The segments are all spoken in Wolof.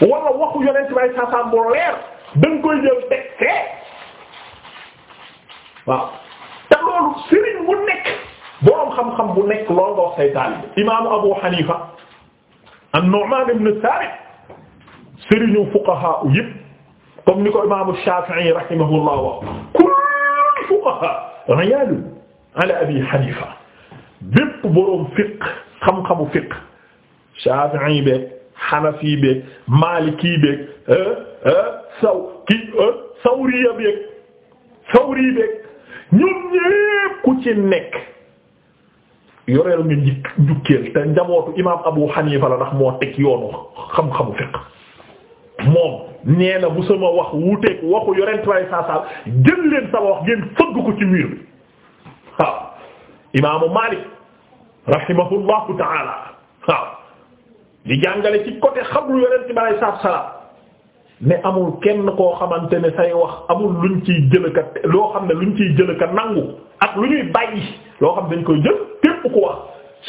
wala waxu yonent bi saa saa bu leer da nga koy jël teg fee waaw te loolu sëriñ bu nekk boroom xam-xam bu nekk loolu nga wax say taalibe imaamu Abu Hanifa an-Nu'man ibn Thabit sëriñu fuqaha yëpp comme ni ko imaamu Shafi'i rahimahullah wa kullu fuqaha riyalu ala Abi Hanifa bépp boroom fiqh xam-xamu fiqh Shafi'i be xanafi beeg maliki beeg eh, eh, saw ki eh, sawriya beeg sawri beeg ñoom ñépp ku ci nekk yoreel ñu njik njukkeel te njabootu imaam Abu Hanifa la ndax moo teg yoonu xam-xamu fiq moom nee na bu sama wax wuuteeg waxu yoreel tubaab yi saa saa jël leen sama wax ngeen fëgg ko ci mur bi waaw imaamu Maalik rahimahullahu ta'ala waaw. di jàngale ci côté xabru yonent bi alayhi salaatu salaam mais amul kenn koo xamante ne say wax amul luñ ciy jëlaka loo xam ne lu luñ ciy jëlaka nangu ak lu ñuy bàyyi loo xam ne dañ koy jël képp ko wax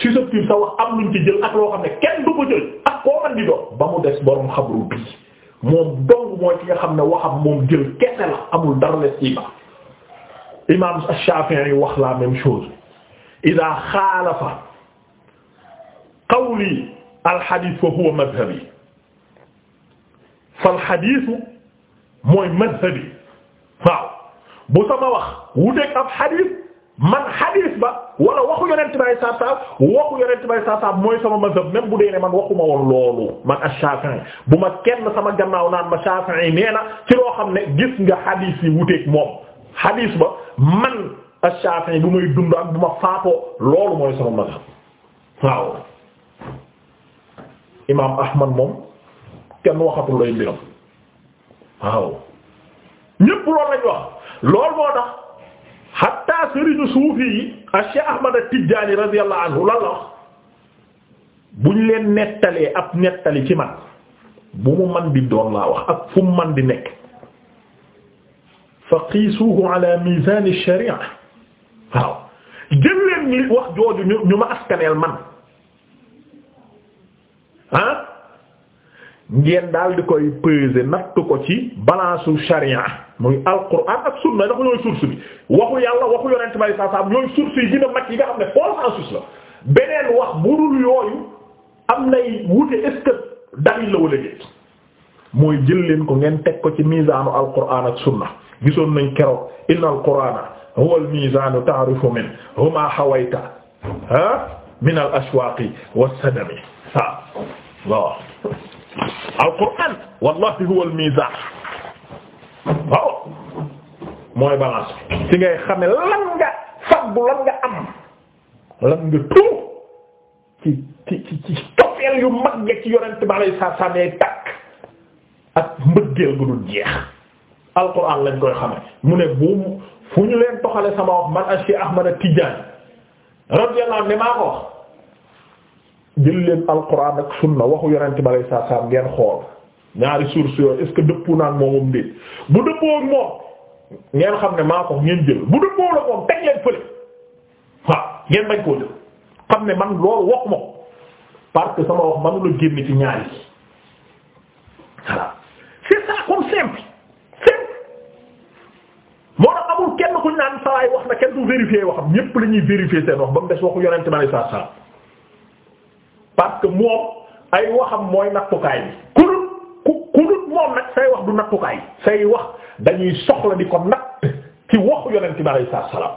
susceptible sa wax am luñ ci jël ak loo xam ne kenn du ko jël ak koo man di doon ba mu des boroom xabru bii moom dong mooy ki nga xam ne waxam moom jël kese la amul dara les ci ba imam Shafi'i wax la même chose ida xaalafa qawli alxadiis fa huwa madhabi fal xadiisu mooy madhabi waaw bu sama wax wuteeg ab xadiis man xadiis ba wala waxu yonent bay saasaab waxu yonent bay saasaab mooy sama madhab même bu dee ne man waxuma woon loolu man ash-Shafi'i bu ma kenn sama gannaaw naan ma Shafi'i nee na ci loo xam ne gis nga xadiis yi wuteeg moom xadiis ba man ash-Shafi'i bu may dund ak bu ma faatoo loolu mooy sama madhab waaw. imaam Ahmad moom kenn waxatul lay mbiram waaw ñépp loolu lañ wax loolu moo tax hatta sëriñu suufi yi Cheikh Ahmad at-Tijaani radiyallahu anhu lan la wax buñ leen nettalee ab nettali ci man bu mu man di doon laa wax ak fu mu man di nekk fa qiisuhu ala mizan ash-shari'a waaw jël leen li wax jooju ñu ma askaneel man ah ngeen daal di koy peser nattu ko ci balance su charia muy alquran ak sunna dafa ñooy source bi waxu yàlla waxu yonent bi saa saa ñooy source yi dina mag yi nga xam ne consensus la beneen wax bu dul yooyu am nay wute est dalil la wala déet mooy jël leen ko ngeen teg ko ci miizaanu alquran ak sunna gisoon nañ keroog inna alqurana huwa almiizanu ta'rifu min huma hawayta ha min al ashwaaqi was sadami waaw alquran wallahi huwa almizan waaw mooy balance ci ngay xame lan nga am lan nga tuur ci ci ci ci toppeel yu mag nga ci yonent bi alay saa saa nee takk ak mbëggeel gu dul jeex alquran lañ koy xame mu ne bu fu ñu leen toxale sama wax man a Cheikh Ahmad Tidiane radiyallahu anhu maa ko wax jël leen alquran ak sunna waxu yonent bi saa saam ngeen xool ñaari sources yooyu est-ce que dëppoo naa ak moomam déet bu dëppoo moom ngeen xam ne maa ko ngeen jël bu dëppoo la moom teg leen fële waaw ngeen bañ koo jël xam ne man loolu wax moom parce que sama wax mënu génn ci ñaari yi voilà c'est comme simple simple moo tax amul kenn ku ñu naan saa wax na kenn du vérifier waxam ñépp la ñuy vérifier seen wax ba mu des waxu yonent bi saa saam. parce que moom ay waxam mooy nakkukaay bi ku dul ku ku moom nag say wax du nattukaay say wax dañuy soxla di ko natt ci waxu yonent bi alayhi salaam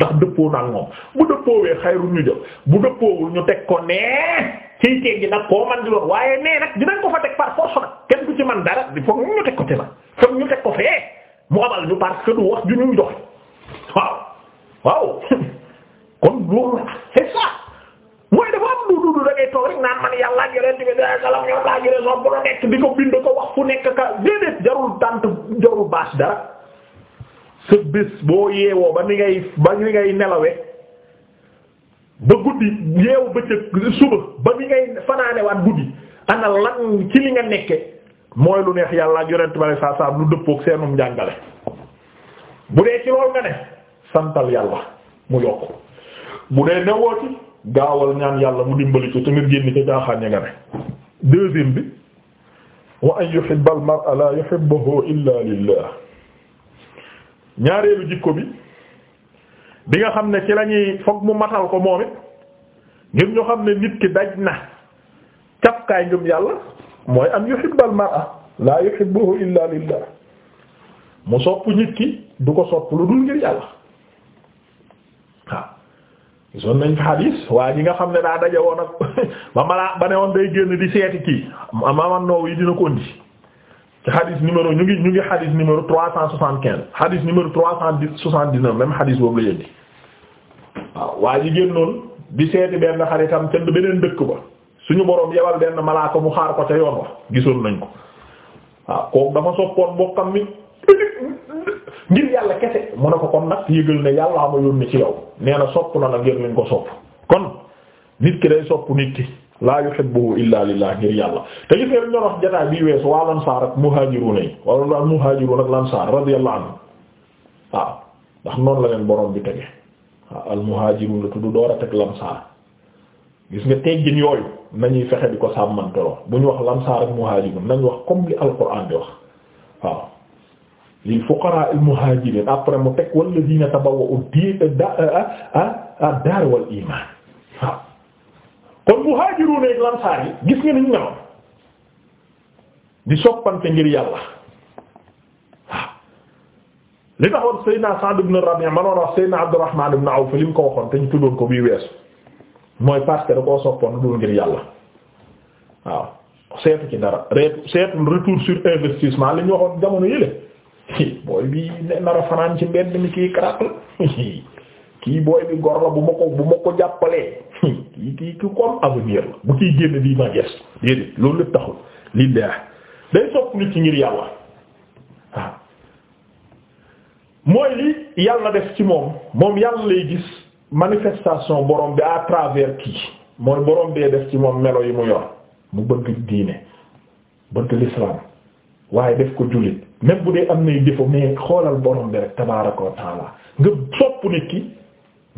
ndax dëppoo naa moom bu dëppoowee xayru ñu jël bu dëppoowul ñu teg ko nee ciy teg gi nag di doon ko fa teg kenn du ci man dara di foog ñu teg ko ci nag foog ñu teg ko fee mu abal ñu parce que du wax ju ñuy doxe waaw waaw kon loolu c'est ça mooy dafa toog rek naan man yàlla ak yonent bi sallallahu alayhi wasallam yàlla ak yonent bu nekk di ko bind ko wax fu nekk ka déedéet jarul tànt jarul bâche dara sa bés boo yeewoo ba ni ngay ba ni ngay nelawee ba guddi yeewu bëccëg suba ba ni ngay fanaanewaat guddi ana lan ci li nga nekke mooy lu neex yàllaa ak yonent bi sallallahu alayhi wasallam lu dëppook seenum njàngale bu dee ci lool nga ne santal yàlla mu yokk bu dee newoo ci gaawal ñaan yàlla mu dimbali ko te nga génn ca jaaxaan ña nga ne deuxième bi wa an yuhibba al mar'a la yuhibbuhu illa lillah ñaareelu jikko bi bi nga xam ne ci lañuy foog mu matal ko moom it ngir ñu xam ne nit ki daj na cafkaay ngëm yàlla mooy an yuhibba al mar'a la yuhibbuhu illa lillah mu sopp nit ki du ko sopp lu dul ngir yàlla gisoon nañ fi xadiis waa yi nga xam ne daa daje woon ak ba malaa ba ne woon day génn di seeti kii Imaam Nawawi dina ko indi ci xadiis numéro ñu ngi ñu ngi xadiis numéro trois cent soixante-quinze xadiis numéro trois cent soixante-dix-neuf même xadiis boobu la yëndi waaw waa ji génnoon di seeti benn xaritam ca beneen dëkk ba suñu boroom yebal benn malaaka mu xaar ko ca yoon wa gisoon nañ ko waaw kooku dafa soppoon bokkam mi ngir yàlla kese mu ne ko kon nag yëgal ne yàllaa ma yónni ci yow nee na sopp na la ngir lañ ko sopp kon nit ki day sopp nit ki laa yuhibbuhu illa lillah ngir yàlla te gis ngeen ñoo wax jotaay bii weesu waa lansaar ak muhaajiruun yi ak lansaar radiyallahu anhu waaw ndax noonu la leen borom bi tege waaw al muhaajiruun la tudd door a teg lansaar gis nga teggin yooyu nañuy fexe di ko sàmmanteloo bu ñu wax lansaar ak muhaajiruun nañ wax comme li alquran di wax waaw. lil fuqara al muhajirin après mu teg walladina tabawwa'u euh, ad-dar euh, euh, wal iman kon muhajirun ak lansaar yi gis nga niñ meloon di soppante ngir yàlla waaw li taxoon Seydina Sa'd ibn Rabi' ma doon wax Seydina Abdurrahman ibn Awf li mu ko waxoon te ñu tuddoon ko bii weesu mooy parce que da koo soppoon dul ngir yàlla dara reetu seetu retour sur investissement li ñu waxoon jamono booy bi nar a fanaan ci mbenn mi kii karat la kii booy bi gor la bu ma ko bu ma ko jàppalee kii kii ki comme avenir la bu kiy génn bii ma ges déedéet loolu lépp taxul lillah day sopp nit ci ngir yàlla mooy li yàlla def ci moom moom yàlla lay gis manifestation borom bi à travers kii mooy borom bee def ci moom melo yi mu yor mu bëgg diine bëgg l'islam waaye def ko jullit même bu dee am nay défaut mais xoolal borom bi rek tabaaraka wa taala nga sopp nit ki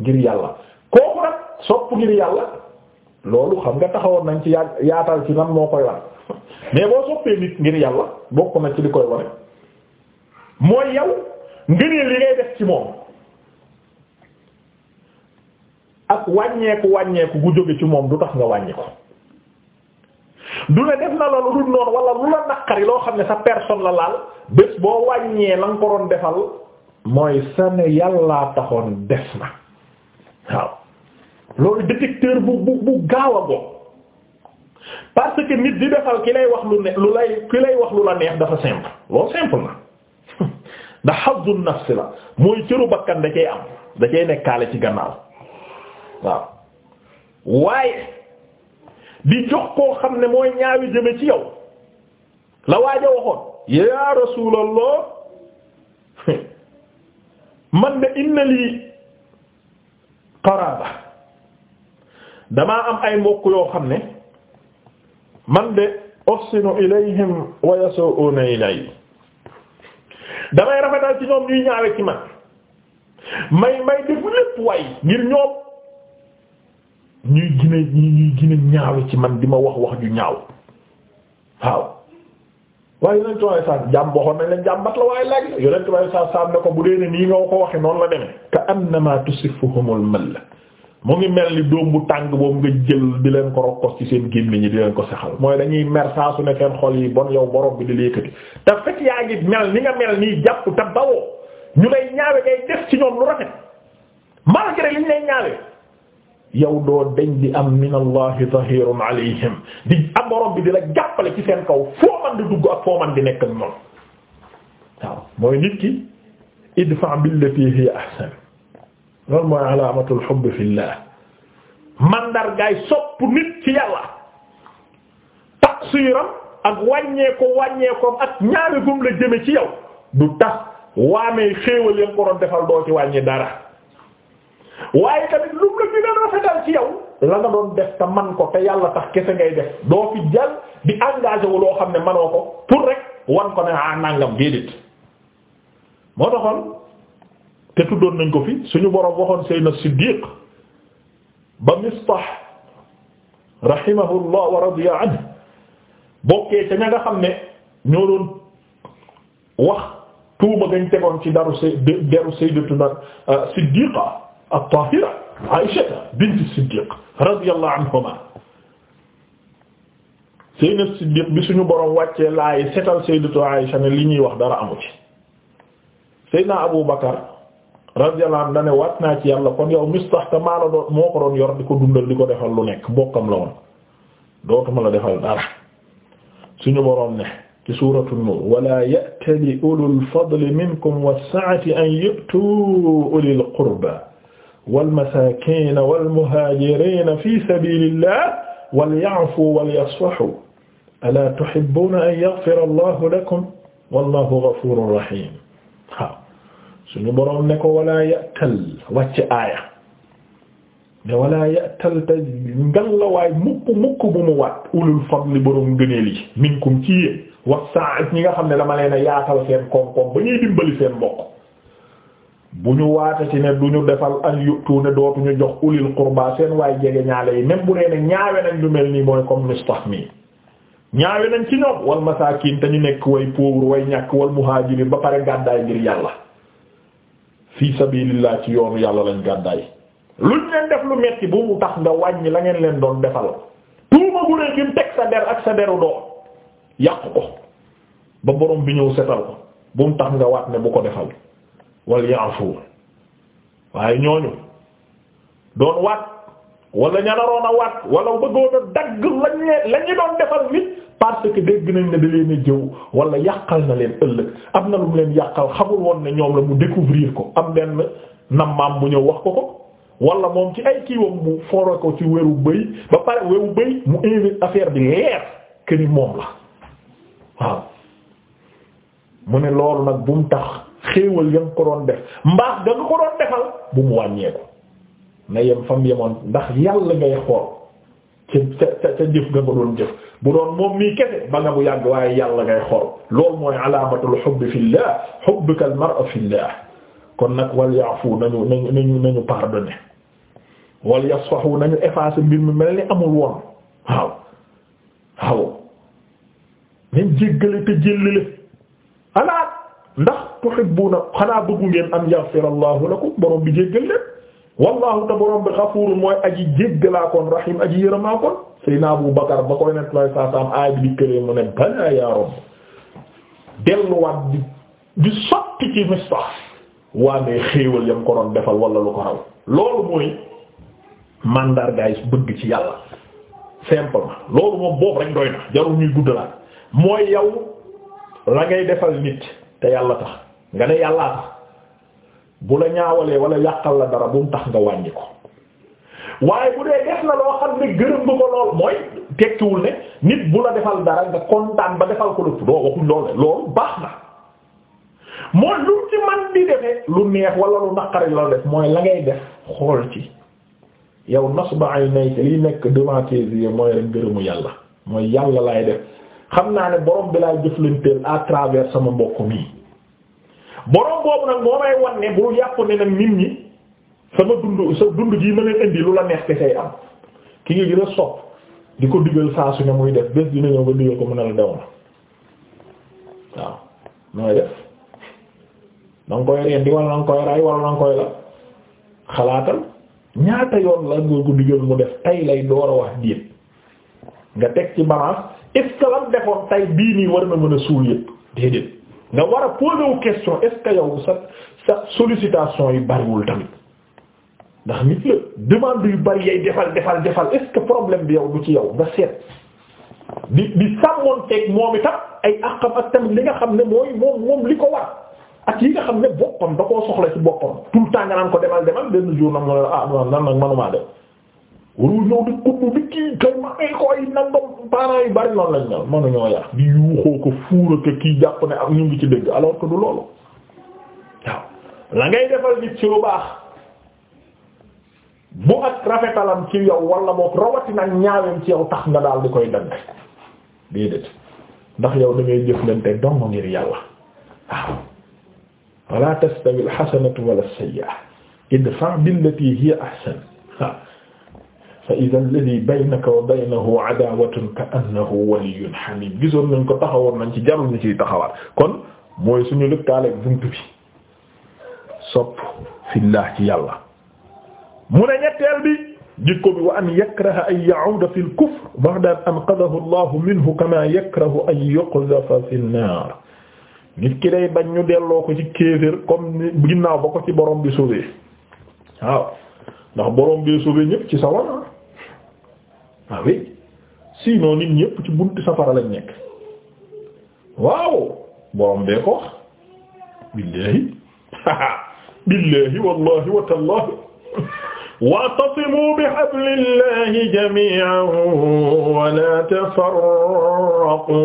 ngir yàlla kooku nag sopp ngir yàlla loolu xam nga taxawoon nañ ci yaa yaatal ci nan moo koy war mais boo soppee nit ngir yàlla bokk na ci li koy war mooy yow ngëneel li ngay def ci moom ak wàññeeku wàññeeku gu jóge ci moom du tax nga wàññi ko du ne def na loolu du noonu wala lu la naqari loo xam ne sa personne la laal bés boo wàññee la nga ko doon defal mooy sa ne yàllaa taxoon des na waaw loolu détecteur bu bu bu gaaw a bokk parce que nit di defal ki lay wax lu ne lu lay ki lay wax lu la neex dafa simple loolu simple na ndax hazzu nafs la mooy cëru bakkan da cay am da cay nekkaale ci gannaaw waaw waaye di jox koo xam ne mooy ñaawi jëme ci yow la waaja waxoon yaa rasuulallah man de inna lii qaraaba damaa am ay mbokk yoo xam ne man de uhsinu ilayhim wa yasuuna ilay damay rafetal ci ñoom ñuy ñaawe ci man may may def lépp way ngir ñoom ñuy gën a ñuy gën ñaawe ci man di ma wax wax ju ñaaw waaw waaye yonentu waaye saam jàmm waxoon nañ la jàmbat la waaye laaj ne ko bu dee ne nii nga ko waxe noonu la demee ka annama tusifuhumul malla mu ngi mel ni doom bu tàng boobu nga jël di leen ko rokkos ci seen gémmiñ ñi di leen ko saxal mooy dañuy mer saa su ne seen xol yi bon yow borom bi di lékkati te fekk yaa ngi mel ni nga mel nii jàpp te bawoo ñu lay ñaawe ngay def ci ñoom lu rafet malgré liñ lay ñaawe yow doo deñ di am min allahi zahirun alayhim di am borom bi di la jàppale ci seen kaw foo man di dugg ak foo man di nekk ak ñoom waaw mooy nit ki idfa billati hiya ahsan loolu mooy alaamatul hubb fillah mandargaay sopp nit ci yàlla taqsiiram ak wàññee ko wàññee ko ak ñaari gum la jëme ci yow du tax waamee xéewal yam ko doon defal doo ci wàññi dara waaye tamit lu mu la gën a rafetal ci yow la nga doon def te man ko te yàlla tax kese ngay def doo fi jal di engagé wu loo xam ne manoo ko pour rek wan ko ne ah nangam déedéet moo taxoon te tuddoon nañ ko fi suñu boroom waxoon Seydina Siddiq ba Mistah rahimahullah wa radiya anhu bokkee ca ña nga xam ne ñoo wax tuuma gañ tegoon ci daru s deru euh, Siddiqa at-Taahira Aysata bint Siddiq radiyallahu anhuma Sayyidina Siddiq bi suñu borom wàccee laay setal Sayyidatu Aysa ne li ñuy wax dara amu ci Sayyidina Abu Bakar radiyallahu anhu dane waat naa ci yàlla kon yow mistahta maa la doon moo ko doon yor di ko dundal di ko defal lu nekk bokkam la woon dootuma la defal dara suñu boroom ne ci suuratu nuur wala ya'tali ulul fadli minkum was-sa'ati an yu'tu ulil qurba walmasakina walmuhajirina fi sabilillah walya'fu walyasfahu ala tuhibbuna an yaghfira allahu lakum wallahu ghafurun rahim waaw suñu boroom ne ko wala ya'tal wàcc aaya ne wala ya'tal te ngan la waay mukk mukk bu mu waat ulul fadli boroom ngëneel yi minkum ci yéen wax saa ñi nga xam ne dama leen a yaatal seen koom-koom ba ñuy dimbali seen mbokk bu ñu waate ci ne du ñu defal an yutu ne dootuñu jox ulil qurba seen waay jege ñaale yi même bu dee ne ñaawe nañ lu mel nii mooy comme mistahmi ñaawe nañ ci ñoom wal masaakin te ñu nekk way pauvre way ñàkk wal muhaajiri ba pare gàddaay ngir yàlla fii sabilillah ci yoonu yàlla lañ gàddaay luñ leen def lu metti bu mu tax nga wàññi la ngeen leen doon defal tuuma bu ne kim teg sa der ak sa deru doo yàq ko ba borom bi ñëw setal ko bu mu tax nga waat ne bu ko defal wal ya'fu waaye ñooñu doon waat wala ñanaroon waat wala bëggoon a dagg lañ lañu doon defal nit parce que dégg nañ ne da leen a jëw wala yàqal na leen ëllëg am na lu mu leen yàqal xamul woon ne ñoom la mu découvrir ko am benn maam bu ñëw wax ko ko wala moom ci ay kiiwam mu foro ko ci weru bëy ba pare weru bëy mu invite affaire bi leer que moom la waaw mu ne loolu nag bu mu tax xéewal ya nga ko doon def mbaax da nga ko doon defal bu mu wàññeeku na yem fam yemoon ndax yàlla ngay xool ca ca ca jëf nga ko doon jëf bu doon moom mii kese ba nga bu yàgg waaye yàlla ngay xool loolu mooy alaamatul hubbi fillah hubbuka al mar'a fillah kon nag wal ya'fu na nañu nañu nañu pardonner wal yasfahu nañu effacer mbir mi mel amul woon waaw waaw nañ jéggale te jéllale alaat ndax tuhibbuuna xanaa bëggu ngeen am yaghfirallahu lakum borom bi jéggal leen wallahu te borom bi xafuuru mooy aji jéggalaakoon rahim aji yërëmaakoon Seydina Abu Bakar ba koy nekk lay saasaam aay bi di këlee mu ne balaa yaa Rabb delluwaat di di sotti ci mistax waa ne xéewal yam ko doon defal wala lu ko raw loolu mooy mandargaay bëgg ci yàlla simplement loolu moom boobu rek doy na jarul ñuy guddalaat mooy yow la ngay defal nit te yàlla tax nga ne yàllaa tax bu la ñaawalee wala yàqal la dara bu mu tax nga wàññi ko waaye bu dee def na loo xam ne gërëm bu ko lool mooy tekkiwul ne nit bu la defal dara nga kontaan ba defal ko lépp doo waxuñ lool loolu baax na mooy lu ci man di defee lu neex wala lu naqari la def mooy la ngay def xool ci yow nasba aynayka liy nekk devant tes yeux mooy rek gërëmu yàlla mooy yàlla laay def xam naa ne borom bi laay jëflanteel à sama mbokk mii borom boobu nag moo may wan ne bu yàpp ne nag nit ñi sama dund sa dund ji ma leen indi lu la neex kese am ki nga gën a sopp di ko digal saa su ne muy def bés dina ñëw nga digal ko mën a la dew na waaw nooy def danga koy rendi wala danga koy ray wala danga koy la xalaatal ñaata yoon la nga ko digal mu def tay lay door a wax diit nga teg ci balance est-ce que lan defoon tay bii nii war na mën a suul yëpp war a poser wu question sa sa sollicitation yi bariwul tamit ndax nit la demande yu bari yay defal defal defal est problème bi yow du ci yow nga seet di di sàmmoonteeg moom itam ay àqam ak tamit li nga xam ne mooy moom moom li ko war ak yi nga xam ne boppam da koo soxla ci boppam tout le ko demal demal benn jour nag mu a la ah, manumaa dem warul ñëw di kubb bi kii kay ma ay ko ay nangam bari noonu lañ mel mënuñoo yar di yuuxoo ko fuura ko kii jàpp ne ak ñu ngi ci dëgg alors que du loolu waaw la ngay defal nit ci lu bu ak rafetalam ci yow wala boog rawatina ak ci yow tax nga daal di koy dagg déedéet ndax yow da ngay jëflante dong ngir yàlla waaw wala tastawi alxasanatu wala sayyi'a idfa billati hiya ahsan fa idha alladhi baynaka wa baynahu adaawatun ka annahu waliyyun hamiim gisoon nañ ko taxawoon nañ ci jarul ñu ciy taxawaat kon mooy suñu lëkkaaleeg buntu bi sopp fillah ci yàlla mu ne ñetteel bi jikko bi wa an yakraha an ya'uuda fil kufr ba'da an anqadahu allahu minhu kama yakrahu an yuqdhafa fin naar nit ki day bañ ñu delloo ko ci kéefër comme ginnaaw ba ko ci borom bi sauvé waaw ndax borom bi sauvé ñépp ci sawar ah oui sinon nit ñëpp ci buntu safara lañ nekk waaw borom bee ko wax billahi billahi wallahi wa tallahi wa'tasimu bihablillahi jami'an wa la tafarraqu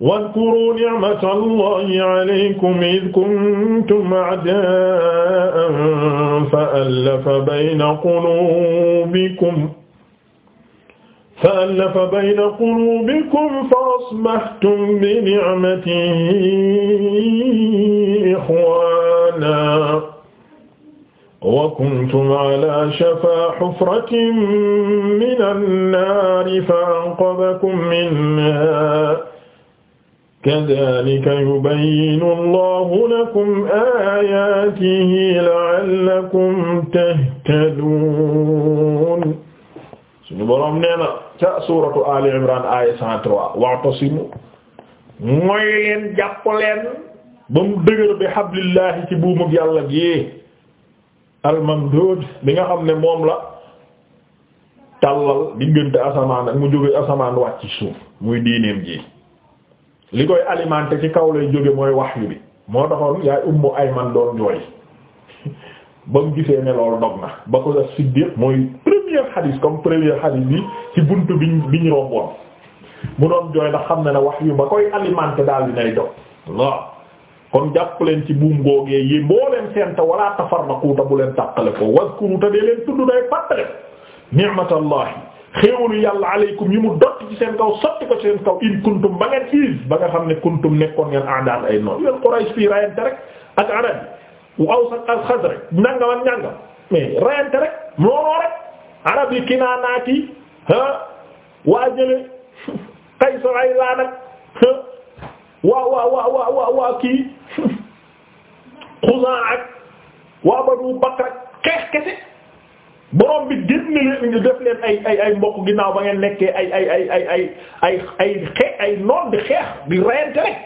wadkuru ni'matallahi alaykum id kuntum a'da'an fa'allafa bayna qulubikum فألف بين قلوبكم فأصبحتم بنعمته إخوانا وكنتم على شفا حفرة من النار فأنقذكم منها كذلك يبين الله لكم آياته لعلكم تهتدون suñu boroom nee na ca suratu ali imran aya 103 wa'tasimu mooy leen jàpp leen ba mu dëgër bi hablillahi ci buumug yàlla gi almamduud bi nga xam ne moom la tàllal diggante asamaan ak mu jóge asamaan wàcc suuf muy diineem ji li koy alimente ci kaw lay jóge mooy wahyu bi moo taxoon yaay ummu ayman doon jooy ba mu gisee ne dog na ba ko la mooy premier xadis comme premier xadis bi ci buntu biñ biñ romboon mu doon jooy ndax xam na ne wax yu ba koy alimenté daal di nay doon waaw kon jàpp leen ci buum gee yi mboo leen seen te wala tafarraqu te bu leen tàqale ko wazkuru te dee leen tudd day fàttale ni'matallahi xéewalu yàlla aleykum yi mu dott ci seen kaw sotti ko seen kaw in kuntum ba ngeen iis ba nga xam ne kuntum nekkoon ngeen aadaan ay noonu yéen Quraysh fii rayante rek ak arab wu Aws ak Xasraj nangam ak nangam mais arab yi kinaanaaki waa jële Qays Ghaylaan ak waa waa waa waa waa kii Xuzaa ak waa Banu Bakr xeex kese borom bi génne leen ñu def leen ay ay ay mbokk ginnaaw ba ngeen nekkee ay ay ay ay ay ay ay xeex ay noon di xeex di reyante rek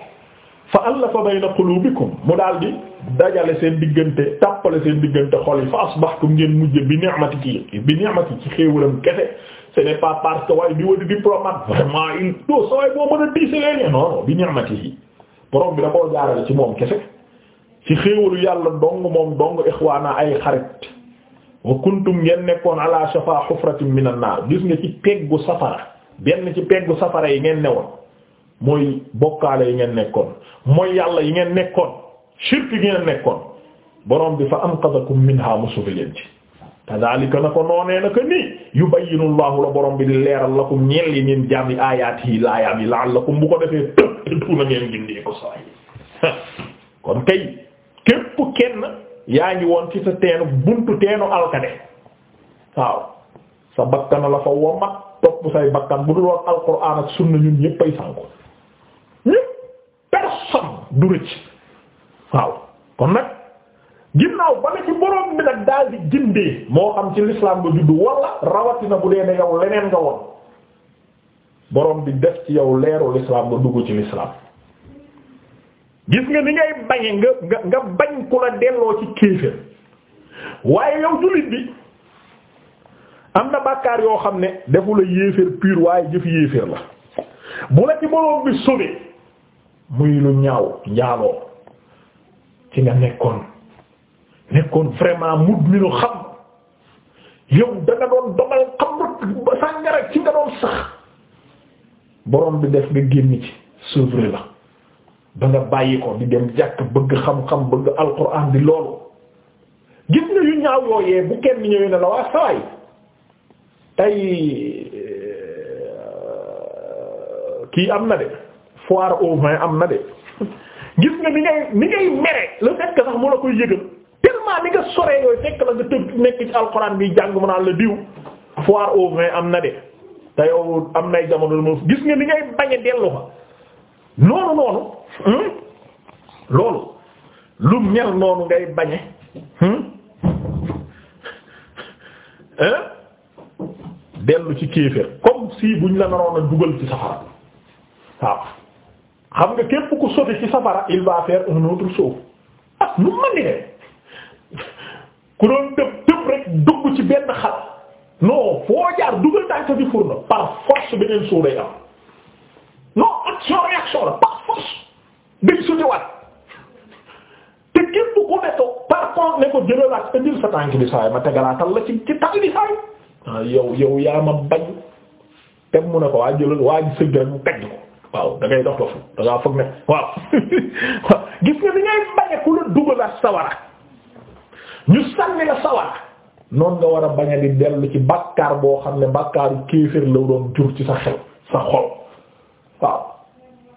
fa allafa bayna qulubikum mu daal di dajale seen diggante tàppale seen diggante xol yi fa asbaxtum ngeen mujje bi ni'mati ci bi ni'mati ci xéewalam kese ce n'est pas parce que waaye di wadi diplomate vraiment il do bi ni'mati bi da jaarale ci moom kese ci xéewalu yàlla dong moom dong ixwaana ay xarit wa kuntum ngeen nekkoon ala shafa hufratin minan naar gis nga ci peggu safara benn ci peggu safara yi ngeen newoon mooy bokkaale yi ngeen nekkoon mooy yàlla yi ngeen nekkoon shirk gi ngeen nekkoon borom bi fa anqadakum minha musuli leen ci kadhalika na ko noonee na ko nii yubayyinu Allahu la borom bi di leeral lakum ñeel yi ngeen jaam yi aayaat yi laayaam yi bu ko defee tëttu na ngeen gindee ko saa kon kay képp kenn yaa ngi woon ci sa teenu buntu teenu alkade waaw sa bakkan la fa womat topp say bakkan bu dul woon alquran ak sunna ñun ñëppay sànku ñëpp personne du rëcc waaw kon nag ginnaaw ba la ci borom bi nag daal di moo xam ci l'islam ba juddu wala rawatina bu dee ne yow leneen nga woon borom bi def ci yow leeru l'islam ba dugg ci l'islam gis nga ni ngay bañe nga nga nga bañ ku la delloo ci kéefër waaye yow jullit bi am na bàkkaar yoo xam ne defu la yéeféer pur waaye jëfi yéeféer la bu la ci borom bi sobe muy lu ñaaw njaaloo ci nga nekkoon nekkoon vraiment mut mi nu xam yow da doon dogal xam ba sàngara ci nga doon sax borom bi def nga génn ci sauver la ba bàyyi ko di dem jàkk bëgg xam-xam bëgg alquran di loolu gis na yu ñaaw yooyee bu kenn ñëwee ne la waa sawaay tey euh, kii am na de foire au vin am na de gis nga ni ngay mere le fait sax mu la koy yëgal tellement ni nga soree yooyu fekk la nga tëb nekk ci alxuraan bi jàng mu naan la diw foire au vin am na de te yow am nay jamono moom gis nga ni ngay bañ dellu fa noonu noonu hmm? loolu lu mel noonu ngay bañe hmm? dellu ci kéefër comme si buñ la naroon a dugal ci safara waaw xam nga képp ku sotti ci safara il va faire un autre saut ah nu man di ku doon tëb tëb rek dugg ci benn xal non foo jaar dugal tànk bi fur par force beneen saut day am non action réaction la par force day sutiwaat te képp ku ne par contre ne ko jëlalaat indil sa tànk bi saay ma tegalaatal la ci tànk bi saay ah, yow yow yaa ma bañ teg mu ne ko waa jëlal waa ji sëgg rek mu teg ko waaw da ngay dox dox da ngaa foog ne waaw gis nga bi ngay bañ ku la dugal a sawara ñu sànni la sawara noonu nga war a bañ a di ci bàkkaar boo xam ne bàkkaaru kéefër la doon jur ci sa xel sa xol waaw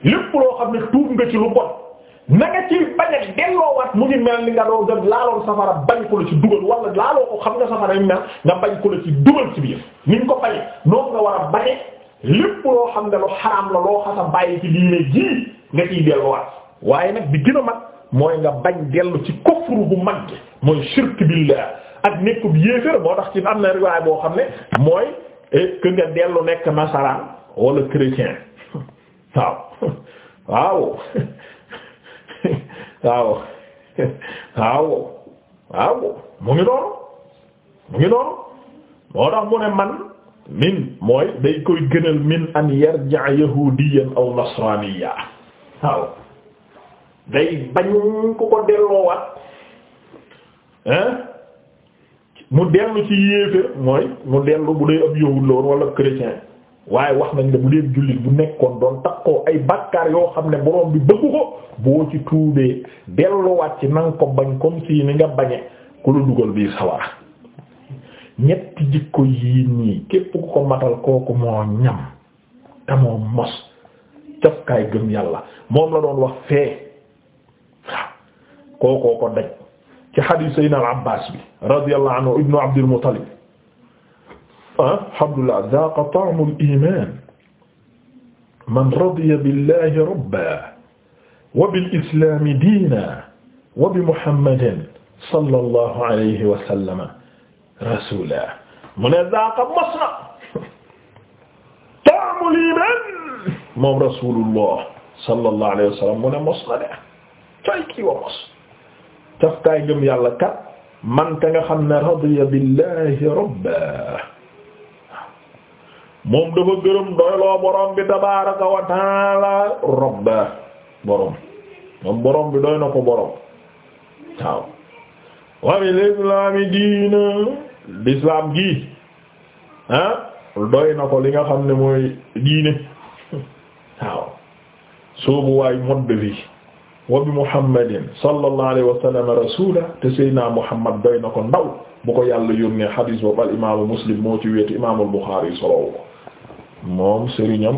lépp loo xam ne tuub nga ci lu bon na nga ci bañ a delloowaat mu ngi mel ni nga doon laaloon safara bañ ko la ci dugal wala laaloo ko xam nga safara mel nga bañ ko la ci dugal ci biir ni nga ko bañee noonu nga war a bañee. lépp loo xam ne lu xaraam la loo xasa bàyyi ci diine ji nga ciy delluwaat waaye nag bi gën a mag mooy nga bañ dellu ci kufru bu mag mooy shirk billah ak nekk bu yéefér moo tax ci xam ne mooy eh, que nga nekk nasaraan wala chrétien waaw waaw waaw waaw mu ngi noonu mu ngi noonu moo tax mu ne man min mooy day koy gënal min an yarji'a yahudiyan aw nasraniya waaw day bañ ku ko delloowaat hein mu dellu ci yéeféer mooy mu dellu bu dee ab yahud la woon chrétien waaye wax nañ ne bu dee jullit bu nekkoon doon takkoo ay bakkaar yoo xam ne borom bi bëggu ko boo ci tuubee delluwaat ci nanga ko bañ comme si ni nga bañe ku la dugal biir sawara ñetti jikko yii nii képp ku ko matal kooku moo ñam te moo mos cofkaay gëm yàlla moom la doon wax fee kookoo ko daj ci xadiis Seydina al Abbaas bi radiyallahu anhu ibnu Abdil Muttalib ah alhamdulillah zaaqa ta'mul iimaan man radiya billahi rabban wa bil islaami diinan wa bi Muhammadin sallallahu alayhi wa sallam rasuula mu ne zaaka mos na taamul iman moom rasulullah sallallahu alayhi wa sallam mu ne mos na de tay wa mos cafkaay ngëm yàlla kat man ka nga xam ne radiya billahi rabba moom dafa gërëm doyloo borom wa taala rabba borom moom doy na ko borom waaw wa bil islaami diina l'islam gi ah doy na ko li nga xam ne mooy diine waaw soobu waay modd bi wa bi muhammadin sallallahu alayhi wa sallam rasula te seydina muhammad doy na ko ndaw bu ko yàlla yónnee xadiis boobu al imaamu muslim moo ci wéeti imaamul buxaari yi moom sëriñam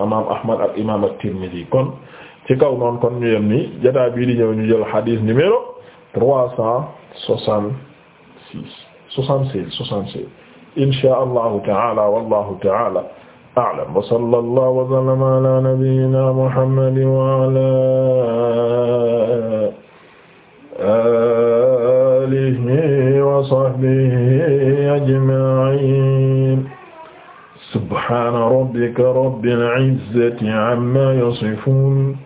imaam ahmad ak imaam at-tirmidhi kon ci kaw noonu kon ñu yem ni jataa bii di ñëw ñu jël xadiis trois cent soixante-six soixante-seize soixante-seize insha allahu taala wallahu taala a'lam wa sallallahu wa sallama ala nabiyyina muhammad wa ala alihi wa sahbihi ajma'in subhana rabbika rabbil izzati amma yasifun